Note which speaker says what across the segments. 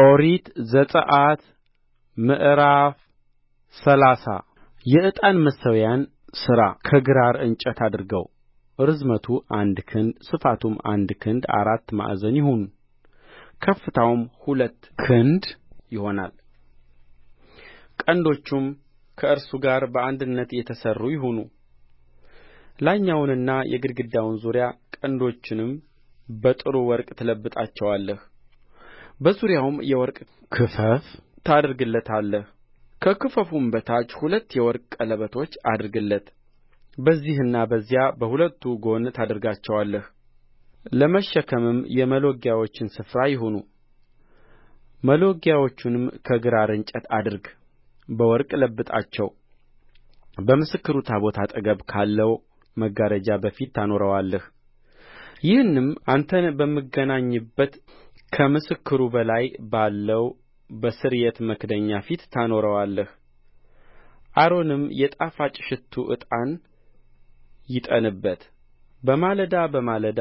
Speaker 1: ኦሪት ዘጽአት ምዕራፍ ሰላሳ የዕጣን መሠዊያን ሥራ ከግራር እንጨት አድርገው ርዝመቱ አንድ ክንድ ስፋቱም አንድ ክንድ አራት ማዕዘን ይሁን ከፍታውም ሁለት ክንድ ይሆናል ቀንዶቹም ከእርሱ ጋር በአንድነት የተሠሩ ይሁኑ ላይኛውንና የግድግዳውን ዙሪያ ቀንዶቹንም በጥሩ ወርቅ ትለብጣቸዋለህ በዙሪያውም የወርቅ ክፈፍ ታደርግለታለህ ከክፈፉም በታች ሁለት የወርቅ ቀለበቶች አድርግለት በዚህና በዚያ በሁለቱ ጎን ታደርጋቸዋለህ ለመሸከምም የመሎጊያዎችን ስፍራ ይሁኑ መሎጊያዎቹንም ከግራር እንጨት አድርግ በወርቅ ለብጣቸው በምስክሩ ታቦት አጠገብ ካለው መጋረጃ በፊት ታኖረዋለህ ይህንም አንተን በምገናኝበት ከምስክሩ በላይ ባለው በስርየት መክደኛ ፊት ታኖረዋለህ አሮንም የጣፋጭ ሽቱ ዕጣን ይጠንበት በማለዳ በማለዳ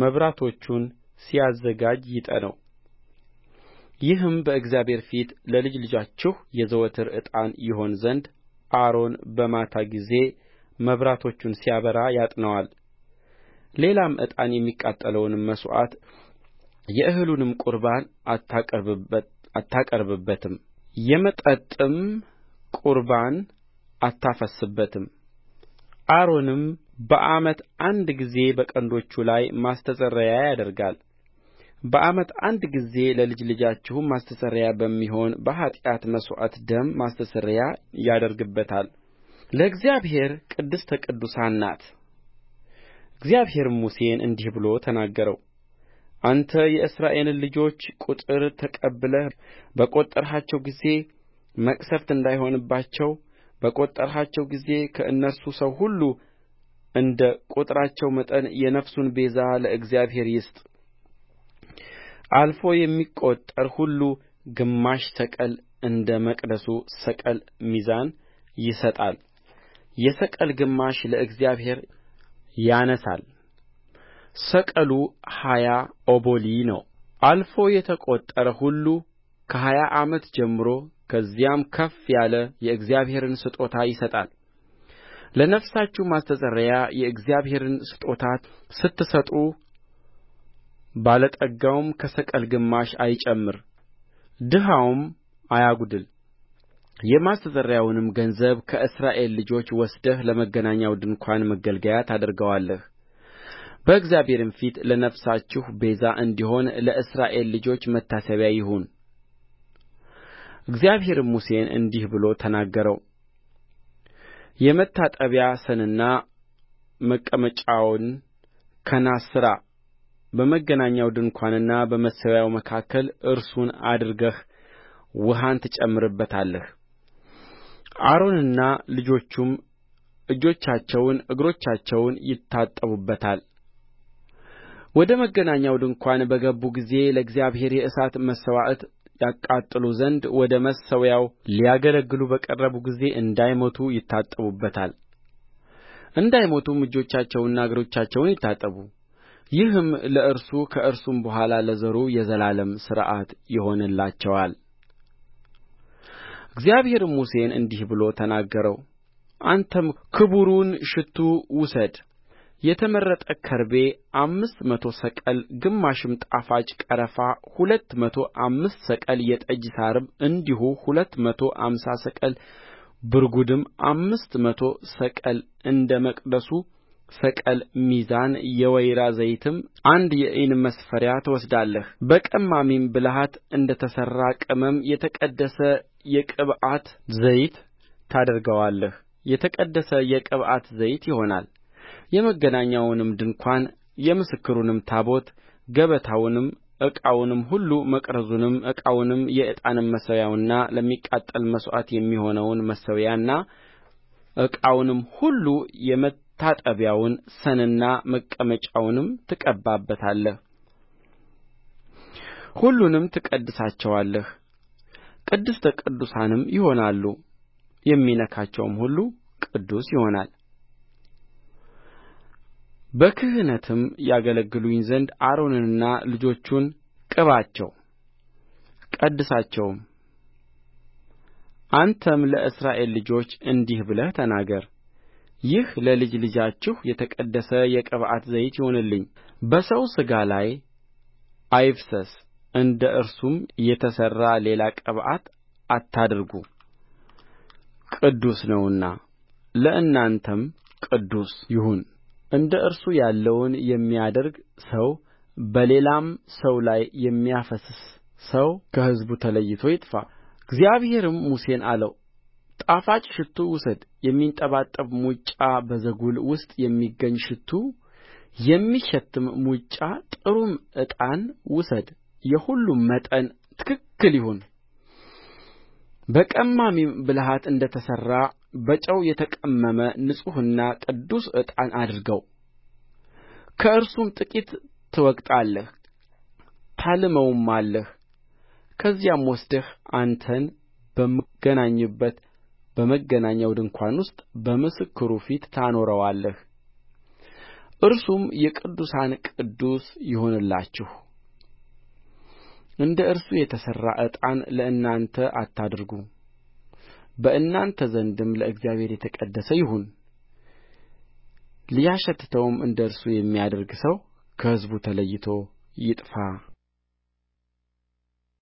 Speaker 1: መብራቶቹን ሲያዘጋጅ ይጠነው ይህም በእግዚአብሔር ፊት ለልጅ ልጃችሁ የዘወትር ዕጣን ይሆን ዘንድ አሮን በማታ ጊዜ መብራቶቹን ሲያበራ ያጥነዋል ሌላም ዕጣን የሚቃጠለውንም መሥዋዕት የእህሉንም ቍርባን አታቀርብበትም የመጠጥም ቍርባን አታፈስስበትም አሮንም በዓመት አንድ ጊዜ በቀንዶቹ ላይ ማስተስረያ ያደርጋል በዓመት አንድ ጊዜ ለልጅ ልጃችሁ ማስተስረያ በሚሆን በኃጢአት መሥዋዕት ደም ማስተስረያ ያደርግበታል ለእግዚአብሔር ቅድስተ ቅዱሳን ናት እግዚአብሔርም ሙሴን እንዲህ ብሎ ተናገረው አንተ የእስራኤልን ልጆች ቍጥር ተቀብለህ በቈጠርሃቸው ጊዜ መቅሠፍት እንዳይሆንባቸው በቈጠርሃቸው ጊዜ ከእነርሱ ሰው ሁሉ እንደ ቍጥራቸው መጠን የነፍሱን ቤዛ ለእግዚአብሔር ይስጥ አልፎ የሚቈጠር ሁሉ ግማሽ ሰቅል እንደ መቅደሱ ሰቅል ሚዛን ይሰጣል የሰቅል ግማሽ ለእግዚአብሔር ያነሣል ሰቅሉ ሀያ ኦቦሊ ነው አልፎ የተቈጠረ ሁሉ ከሀያ ዓመት ጀምሮ ከዚያም ከፍ ያለ የእግዚአብሔርን ስጦታ ይሰጣል ለነፍሳችሁ ማስተስረያ የእግዚአብሔርን ስጦታ ስትሰጡ ባለጠጋውም ከሰቅል ግማሽ አይጨምር ድሀውም አያጕድል የማስተስረያውንም ገንዘብ ከእስራኤል ልጆች ወስደህ ለመገናኛው ድንኳን ማገልገያ ታደርገዋለህ በእግዚአብሔርም ፊት ለነፍሳችሁ ቤዛ እንዲሆን ለእስራኤል ልጆች መታሰቢያ ይሁን እግዚአብሔርም ሙሴን እንዲህ ብሎ ተናገረው የመታጠቢያ ሰንና መቀመጫውን ከናስ ሥራ በመገናኛው ድንኳንና በመሠዊያው መካከል እርሱን አድርገህ ውኃን ትጨምርበታለህ አሮንና ልጆቹም እጆቻቸውን እግሮቻቸውን ይታጠቡበታል ወደ መገናኛው ድንኳን በገቡ ጊዜ ለእግዚአብሔር የእሳት መሥዋዕት ያቃጥሉ ዘንድ ወደ መሠዊያው ሊያገለግሉ በቀረቡ ጊዜ እንዳይሞቱ ይታጠቡበታል እንዳይሞቱም እጆቻቸውንና እግሮቻቸውን ይታጠቡ ይህም ለእርሱ ከእርሱም በኋላ ለዘሩ የዘላለም ሥርዓት ይሆንላቸዋል እግዚአብሔርም ሙሴን እንዲህ ብሎ ተናገረው አንተም ክቡሩን ሽቱ ውሰድ የተመረጠ ከርቤ አምስት መቶ ሰቅል ግማሽም ጣፋጭ ቀረፋ ሁለት መቶ አምሳ ሰቅል የጠጅ ሣርም እንዲሁ ሁለት መቶ አምሳ ሰቅል ብርጕድም አምስት መቶ ሰቅል እንደ መቅደሱ ሰቅል ሚዛን የወይራ ዘይትም አንድ የኢን መስፈሪያ ትወስዳለህ በቀማሚም ብልሃት እንደ ተሠራ ቅመም የተቀደሰ የቅብዓት ዘይት ታደርገዋለህ የተቀደሰ የቅብዓት ዘይት ይሆናል የመገናኛውንም ድንኳን የምስክሩንም ታቦት ገበታውንም ዕቃውንም ሁሉ መቅረዙንም ዕቃውንም የዕጣን መሠዊያውንና ለሚቃጠል መሥዋዕት የሚሆነውን መሠዊያና ዕቃውንም ሁሉ የመታጠቢያውን ሰንና መቀመጫውንም ትቀባበታለህ ሁሉንም ትቀድሳቸዋለህ ቅድስተ ቅዱሳንም ይሆናሉ የሚነካቸውም ሁሉ ቅዱስ ይሆናል በክህነትም ያገለግሉኝ ዘንድ አሮንንና ልጆቹን ቅባቸው ቀድሳቸውም አንተም ለእስራኤል ልጆች እንዲህ ብለህ ተናገር ይህ ለልጅ ልጃችሁ የተቀደሰ የቅብዓት ዘይት ይሁንልኝ በሰው ሥጋ ላይ አይፍሰስ እንደ እርሱም የተሠራ ሌላ ቅብዓት አታድርጉ ቅዱስ ነውና ለእናንተም ቅዱስ ይሁን እንደ እርሱ ያለውን የሚያደርግ ሰው በሌላም ሰው ላይ የሚያፈስስ ሰው ከሕዝቡ ተለይቶ ይጥፋ እግዚአብሔርም ሙሴን አለው ጣፋጭ ሽቱ ውሰድ የሚንጠባጠብ ሙጫ በዛጎል ውስጥ የሚገኝ ሽቱ የሚሸትትም ሙጫ ጥሩም ዕጣን ውሰድ የሁሉም መጠን ትክክል ይሁን በቀማሚም ብልሃት እንደ ተሠራ በጨው የተቀመመ ንጹሕና ቅዱስ ዕጣን አድርገው ከእርሱም ጥቂት ትወቅጣለህ ታልመውማለህ ከዚያም ወስደህ አንተን በምገናኝበት በመገናኛው ድንኳን ውስጥ በምስክሩ ፊት ታኖረዋለህ እርሱም የቅዱሳን ቅዱስ ይሁንላችሁ እንደ እርሱ የተሠራ ዕጣን ለእናንተ አታድርጉ በእናንተ ዘንድም ለእግዚአብሔር የተቀደሰ ይሁን ሊያሸትተውም እንደ እርሱ የሚያደርግ ሰው ከሕዝቡ ተለይቶ ይጥፋ